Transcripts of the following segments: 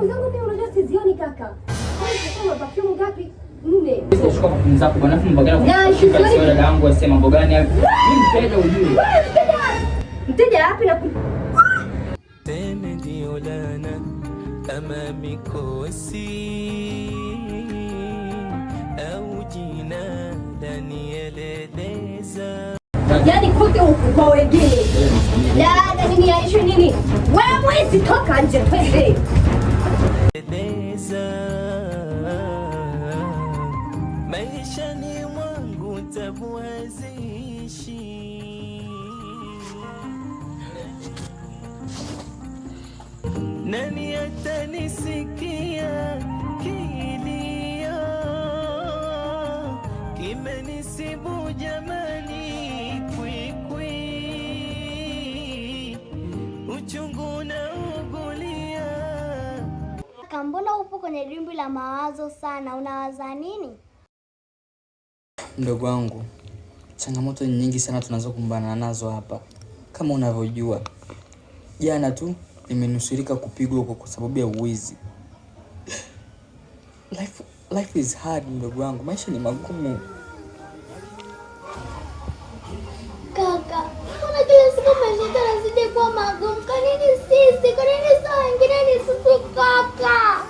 ndugu zangu pia unajua sizioni kaka. Kama ngapi? Nne. Sasa shika mzako bwana afu mbagala yaani kushika sio dada yangu asema mambo gani? Mimi mteja ujue. Mteja. Mteja wapi na tena ndio lana amami kosi au jina lanieleza Yaani kote huku kwa wengine. Dada nini aisho nini? Wewe mwezi toka nje twende kupendeza. Maisha ni mwangu tabuazishi haziishi. Nani atanisikia kilio kimenisibu kwenye dimbwi la mawazo sana. Unawaza nini? Mdogo wangu, changamoto ni nyingi sana tunazokumbana nazo hapa. Kama unavyojua, jana tu nimenusurika kupigwa kwa sababu ya uwizi. Life, life is hard mdogo wangu, maisha ni magumu. Kaka, mbona kila siku maisha yanazidi kuwa magumu? Kwa nini sisi? Kwa nini saa wengine ni sisi kaka?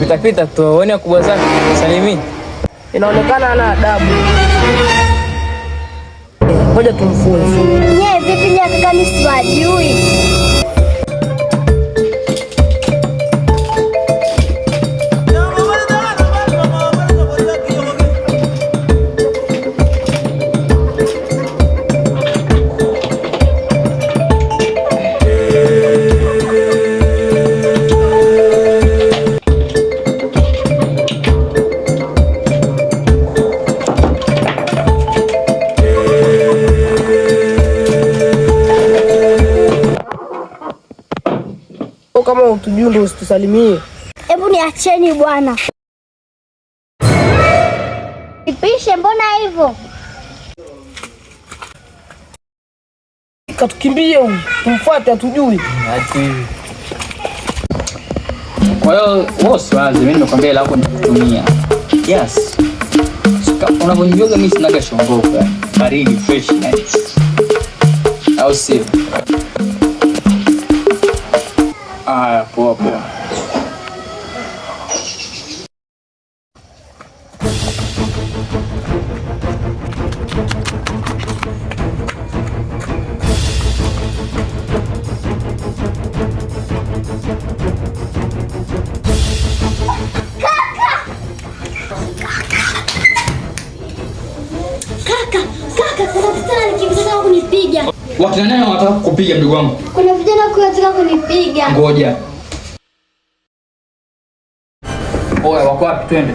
Pitapita tuone kubwa zake salimi, inaonekana ana adabu. Ngoja tumfunze. Je, vipi? Ni Siwajui. Kwa kama utujui ndio usitusalimie. Hebu niacheni bwana. Nipishe, mbona hivyo? Katukimbie huyu, tumfuate atujui. Kwa hiyo wewe usiwaze, mimi nimekwambia lako nitumia. Yes. Unavyonijua mimi sina shongoka. Baridi fresh nice. Au sio? poa poa. Wakina nani wanataka kukupiga mdogo wangu? Kuna vijana wanataka kunipiga. Ngoja. Oya, wako wapi? Twende.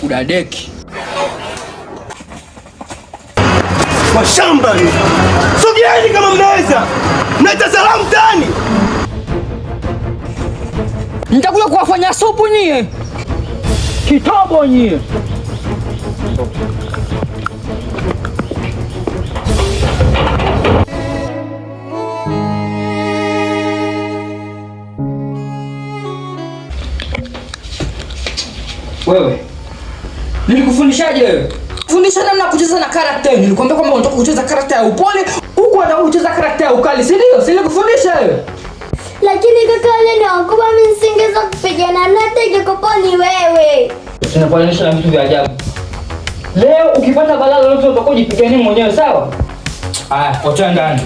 Kudadeki kwa shamba, sogeeni kama mnaweza, naita salamu tani, nitakuja kuwafanya supu nyie. Kitobo nyie! Wewe nilikufundishaje? Wewe fundisha namna kucheza na karakta. Nilikwambia kwamba unataka kucheza karakta ya upole, huku anataka kucheza karakta ya ukali, si ndio? Si nilikufundisha wewe? Lakini kaka, wale ni wakubwa, mimi nisingeweza kupigana naye, ingekuwa ni wewe. na vitu vya ajabu. Leo ukipata balaa lolote utakuwa jipigania mwenyewe, sawa? ndani.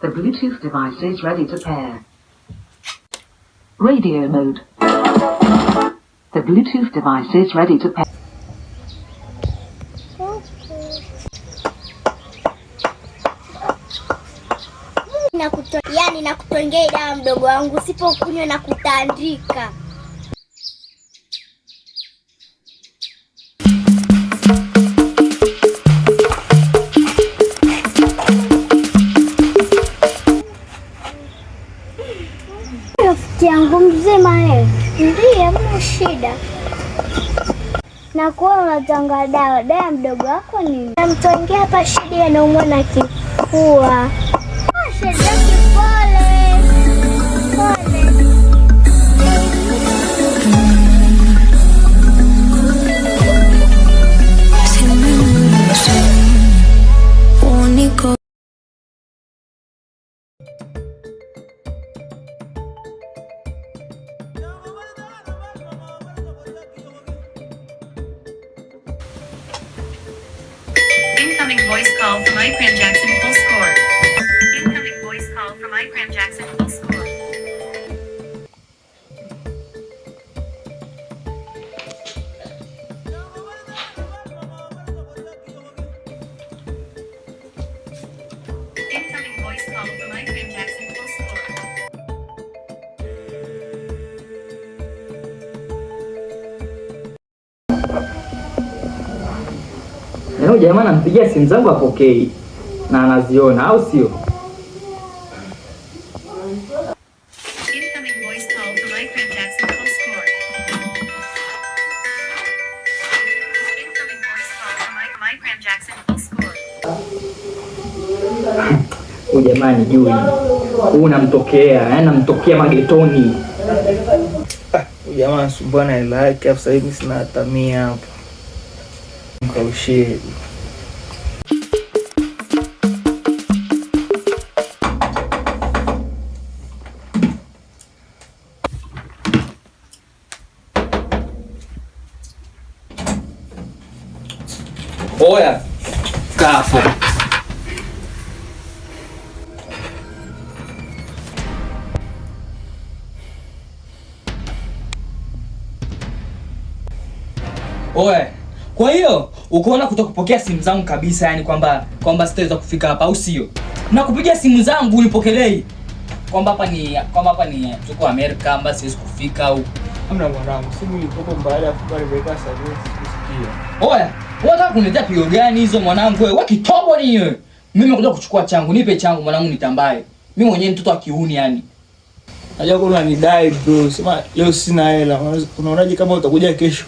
The Bluetooth device is ready to pair. Radio mode. The Bluetooth device is ready to pair. gani na kutongea dawa, mdogo wangu, usipokunywa na kutandika. Rafiki yangu mzima leo? Ndiyo, shida na kuwa unatanga dawa. Dawa mdogo wako nini? Namtongea hapa shida, anaumwa na kifua. Incoming voice call from Ikram Jackson. Full score. Incoming voice call from Ikram Jackson. huyu jamaa nampigia simu zangu apokei na anaziona, au sio? Jamani, jui huu namtokea, yaani namtokea magetoni. Ah, jamaa subuana hela sasa hivi sina hata mia hapo, mkaushie Oya kafo oya. Kwa hiyo ukaona kutokupokea simu zangu kabisa, yani kwamba kwamba sitaweza kufika hapa, au sio? Na kupiga simu zangu unipokelei, kwamba hapa ni kwamba hapa ni tuko Amerika, kwamba siwezi kufika au amna. Mwanangu, simu ilikuwa mbali, afu pale nimeweka service Oya Unataka kuniletea pigo gani hizo mwanangu wewe? Wakitobo ni wewe. Mimi nimekuja kuchukua changu, nipe changu mwanangu nitambaye. Mimi mwenyewe mtoto wa kiuni yani. Najua kuna unanidai bro. Sema leo sina hela. Unaonaje kama utakuja kesho?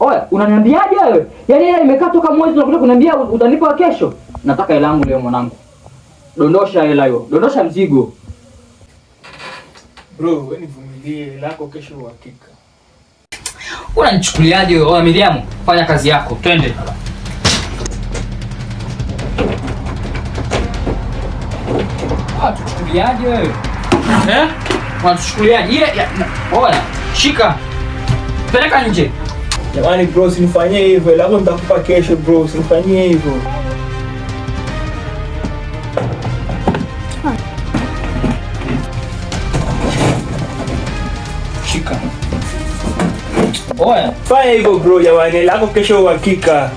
Oya, unaniambiaje wewe? Yaani hela imekaa toka mwezi unakuja kuniambia utanipa kesho? Nataka hela yangu leo mwanangu. Dondosha hela hiyo. Dondosha mzigo. Bro, wewe nivumilie, hela yako kesho uhakika. Unanichukuliaje wewe? Oh, Miriam, fanya kazi yako, twende. Unatuchukuliaje wewe? Eh? Unatuchukuliaje? Ile bora shika. Peleka nje. Jamani bro, usinifanyie hivyo, labda nitakupa kesho bro, usinifanyie hivyo. Oya. Fanya hivyo bro, jamani, hela kesho uhakika.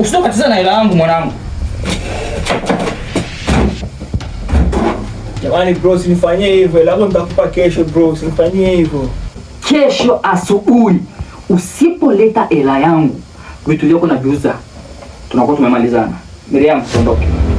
Usitokatiza na hela yangu mwanangu. Jamani bro, usinifanyie hivyo, hela yako nitakupa kesho bro, usinifanyie hivyo. Kesho asubuhi usipoleta hela yangu, vitu vyako naviuza, tunakuwa tumemalizana. Miriam, tuondoke.